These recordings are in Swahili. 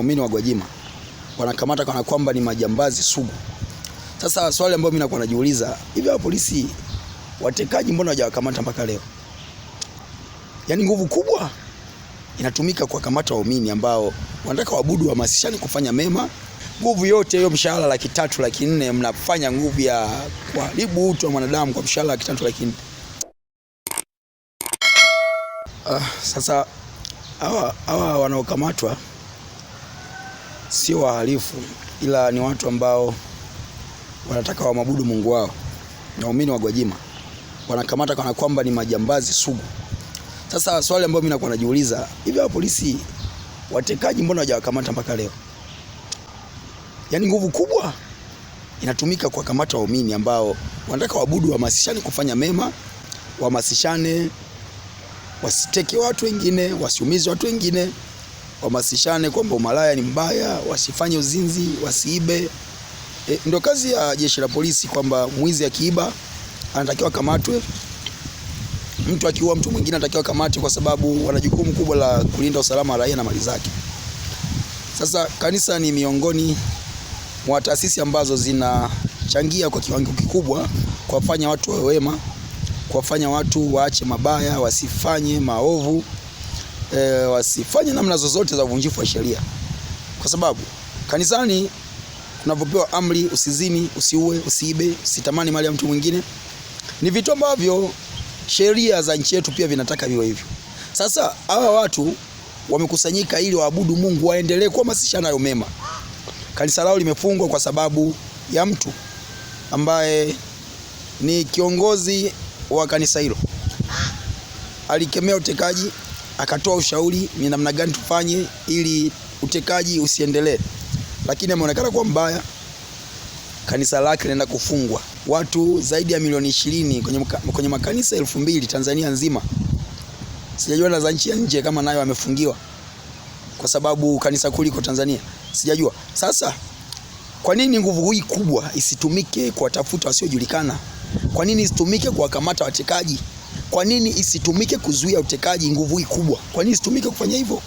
waumini wa Gwajima wanakamata kana kwamba ni majambazi sugu. Sasa swali ambalo mimi nakuwa najiuliza, hivi hawa polisi watekaji mbona hawajawakamata mpaka leo? Yaani nguvu kubwa inatumika kuwakamata waumini ambao wanataka wabudu wahamasishani kufanya mema. Nguvu yote hiyo, mshahara laki tatu laki nne, mnafanya nguvu ya kuharibu utu wa mwanadamu kwa mshahara laki tatu laki nne. Ah, sasa hawa hawa wanaokamatwa sio wahalifu, ila ni watu ambao wanataka wamwabudu Mungu wao, na waumini wa Gwajima wanakamata kana kwamba ni majambazi sugu. Sasa swali ambayo mimi nakuwa najiuliza, hivi polisi watekaji mbona hawajawakamata mpaka leo? Yaani nguvu kubwa inatumika kuwakamata waumini ambao wanataka waabudu, wahamasishane kufanya mema, wahamasishane wasiteke watu wengine, wasiumize watu wengine wamasishane kwamba umalaya ni mbaya, wasifanye uzinzi, wasiibe. E, ndio kazi ya jeshi la polisi kwamba mwizi akiiba anatakiwa kamatwe, mtu akiua mtu mwingine anatakiwa kamatwe, kwa sababu wana jukumu kubwa la kulinda usalama wa raia na mali zake. Sasa kanisa ni miongoni mwa taasisi ambazo zinachangia kwa kiwango kikubwa kuwafanya watu wawe wema, kuwafanya watu waache mabaya, wasifanye maovu e, wasifanye namna zozote za uvunjifu wa sheria, kwa sababu kanisani tunavyopewa amri, usizini, usiue, usiibe, usitamani mali ya mtu mwingine, ni vitu ambavyo sheria za nchi yetu pia vinataka viwe hivyo. Sasa hawa watu wamekusanyika ili waabudu Mungu, waendelee kuhamasisha nayo mema. Kanisa lao limefungwa kwa sababu ya mtu ambaye ni kiongozi wa kanisa hilo alikemea utekaji akatoa ushauri ni namna gani tufanye ili utekaji usiendelee, lakini ameonekana kuwa mbaya. Kanisa lake linaenda kufungwa, watu zaidi ya milioni ishirini kwenye, kwenye makanisa elfu mbili Tanzania nzima. Sijajua na za nchi ya nje kama nayo amefungiwa kwa sababu kanisa kuu liko Tanzania, sijajua. Sasa kwa nini nguvu hii kubwa isitumike kuwatafuta wasiojulikana? Kwa nini isitumike kuwakamata watekaji? Kwa nini isitumike kuzuia utekaji? Nguvu hii kubwa, kwa nini isitumike kufanya hivyo?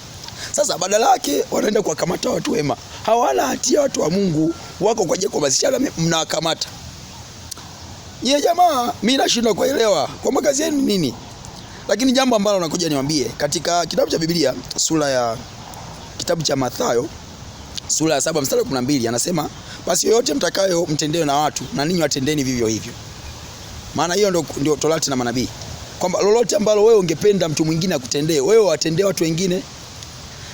Sasa badala yake wanaenda kuwakamata watu wema, hawana hatia, watu wa Mungu wako kwa ajili ya mnawakamata. Ye jamaa, mimi nashindwa kuelewa kwamba kazi yenu nini. Lakini jambo ambalo nakuja niwaambie katika kitabu cha Biblia sura ya kitabu cha Mathayo sura ya saba mstari wa 12 anasema, basi yoyote mtakayo mtendeo na watu na ninyi watendeni vivyo hivyo, maana hiyo ndio Torati na manabii kwamba lolote ambalo wewe ungependa mtu mwingine akutendee wewe watendee watu wengine.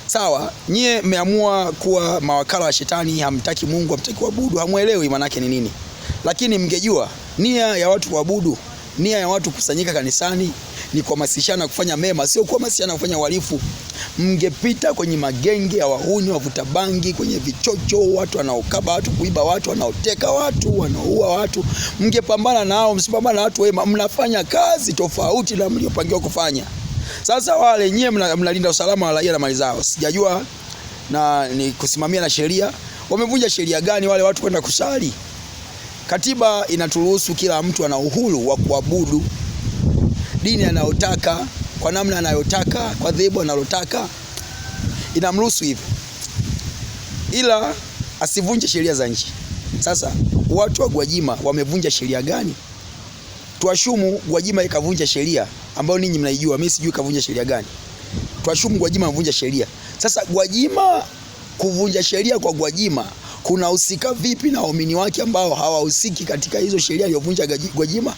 Sawa, nyie mmeamua kuwa mawakala wa Shetani, hamtaki Mungu, hamtaki kuabudu, hamwelewi yake ni nini. Lakini mngejua nia ya watu kuabudu, nia ya watu kusanyika kanisani ni kuhamasishana kufanya mema, sio kuhamasishana kufanya uhalifu mngepita kwenye magenge ya wahuni, wavuta bangi, kwenye vichocho, watu wanaokaba watu, kuiba watu, wanaoteka watu, wanaoua watu, mngepambana nao. Msipambana na watu wema, mnafanya kazi tofauti na mliopangiwa kufanya. Sasa wale nyie mnalinda usalama wa raia na mali zao, sijajua na ni kusimamia na sheria. Wamevunja sheria gani wale watu kwenda kusali? Katiba inaturuhusu kila mtu ana uhuru wa kuabudu dini anayotaka kwa namna anayotaka, kwa dhibu analotaka, inamruhusu hivyo, ila asivunje sheria za nchi. Sasa watu wa Gwajima wamevunja sheria gani? Tuashumu Gwajima ikavunja sheria ambayo ninyi mnaijua, mimi sijui kavunja sheria gani. Tuashumu Gwajima amevunja sheria. Sasa Gwajima kuvunja sheria kwa Gwajima kunahusika vipi na waumini wake ambao hawahusiki katika hizo sheria aliyovunja Gwajima?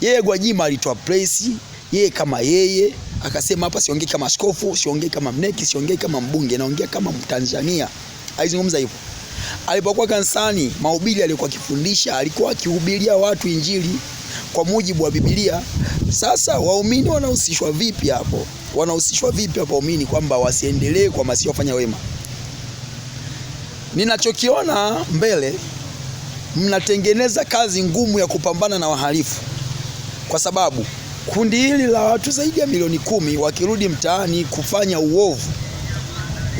Yeye Gwajima alitoa place yeye kama yeye akasema hapa siongei kama askofu, siongei kama mneki, siongei kama mbunge, naongea kama Mtanzania. Aizungumza hivyo. Alipokuwa kanisani, mahubiri aliyokuwa akifundisha, alikuwa akihubiria watu Injili kwa mujibu wa Biblia. Sasa waumini wanahusishwa vipi hapo? Wanahusishwa vipi hapo waumini kwamba wasiendelee kwa masi wafanya wema? Ninachokiona mbele, mnatengeneza kazi ngumu ya kupambana na wahalifu kwa sababu Kundi hili la watu zaidi ya milioni kumi wakirudi mtaani kufanya uovu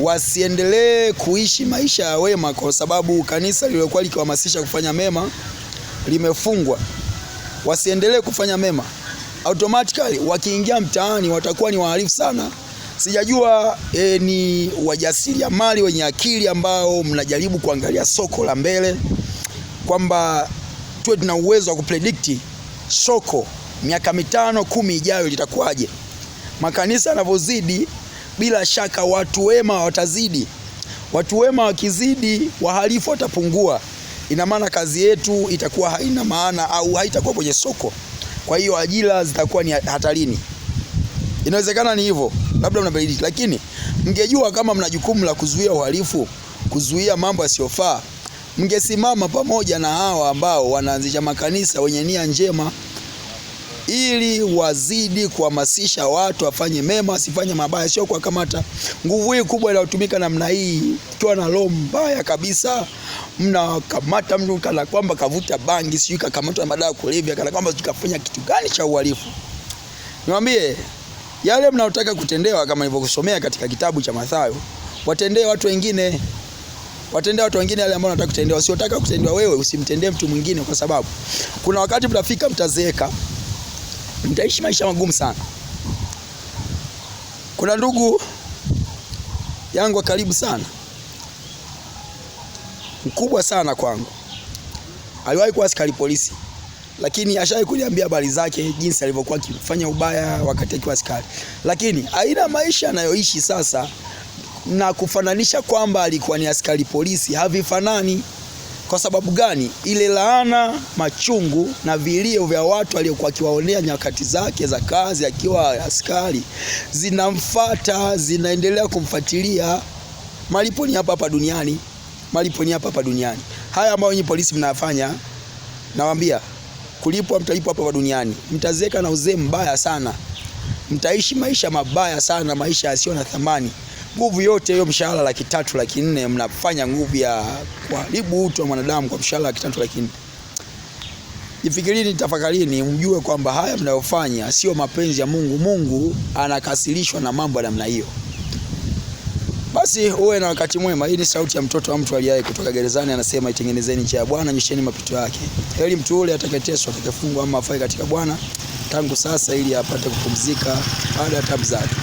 wasiendelee kuishi maisha ya wema, kwa sababu kanisa lililokuwa likiwahamasisha kufanya mema limefungwa. Wasiendelee kufanya mema, automatically wakiingia mtaani watakuwa ni wahalifu sana. Sijajua e, ni wajasiriamali wenye akili ambao mnajaribu kuangalia soko la mbele, kwamba tuwe tuna uwezo wa kupredict soko miaka mitano kumi ijayo litakuwaje? Makanisa yanavyozidi, bila shaka watu wema watazidi. Watu wema wakizidi, wahalifu watapungua. Ina maana kazi yetu itakuwa haina maana au haitakuwa kwenye soko, kwa hiyo ajira zitakuwa ni hatarini. Inawezekana ni hivyo, labda mnabadili, lakini mngejua kama mna jukumu la kuzuia uhalifu, kuzuia mambo yasiyofaa, mngesimama pamoja na hawa ambao wanaanzisha makanisa wenye nia njema ili wazidi kuhamasisha watu wafanye mema, asifanye mabaya, sio kwa kamata Nguvu hii kubwa inayotumika namna hii, ukiwa na roho mbaya kabisa, mnakamata mtu kana kwamba kavuta bangi, sijui kakamata madawa kulevya, kana kwamba tukafanya kitu gani cha uhalifu. Niwaambie yale mnayotaka kutendewa, kama nilivyokusomea katika kitabu cha Mathayo, watendee watu wengine watendea watu wengine yale ambao wanataka kutendewa. Usiotaka kutendewa wewe, usimtendee mtu mwingine, kwa sababu kuna wakati mtafika mtazeeka nitaishi maisha magumu sana. Kuna ndugu yangu wa karibu sana, mkubwa sana kwangu, aliwahi kuwa askari polisi, lakini ashawahi kuniambia habari zake, jinsi alivyokuwa akifanya ubaya wakati akiwa askari, lakini aina maisha anayoishi sasa na kufananisha kwamba alikuwa ni askari polisi havifanani. Kwa sababu gani? Ile laana, machungu na vilio vya watu aliokuwa akiwaonea nyakati zake za kazi akiwa askari zinamfata, zinaendelea kumfuatilia. Malipo ni hapa hapa duniani, malipo ni hapa hapa duniani. Haya ambayo nyinyi polisi mnayafanya, nawaambia kulipwa, mtalipwa hapa hapa duniani. Mtazeka na uzee mbaya sana, mtaishi maisha mabaya sana, maisha yasiyo na thamani nguvu yote hiyo, mshahara laki tatu laki nne, mnafanya nguvu ya kuharibu utu wa mwanadamu kwa mshahara laki tatu laki nne. Jifikirini, tafakarini, mjue kwamba haya mnayofanya sio mapenzi ya Mungu. Mungu anakasirishwa na mambo ya namna hiyo. Basi uwe na wakati mwema. Hii ni sauti ya mtoto wa mtu aliyaye kutoka gerezani, anasema: itengenezeni njia ya Bwana, nyosheni mapito yake. Heri mtu ule atakayeteswa, atakayefungwa ama afai katika Bwana tangu sasa, ili apate kupumzika baada ya tabu zake.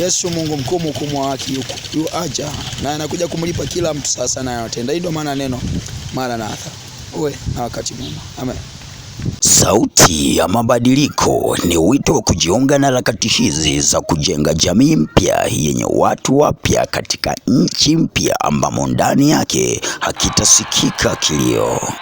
Yesu Mungu mkuu mkuu wa haki yuko yu aja na anakuja kumlipa kila mtu sasa na anayotenda. Hii ndio maana neno maranatha. Uwe na wakati mwema. Amen. Sauti ya Mabadiliko ni wito wa kujiunga na harakati hizi za kujenga jamii mpya yenye watu wapya katika nchi mpya ambamo ndani yake hakitasikika kilio.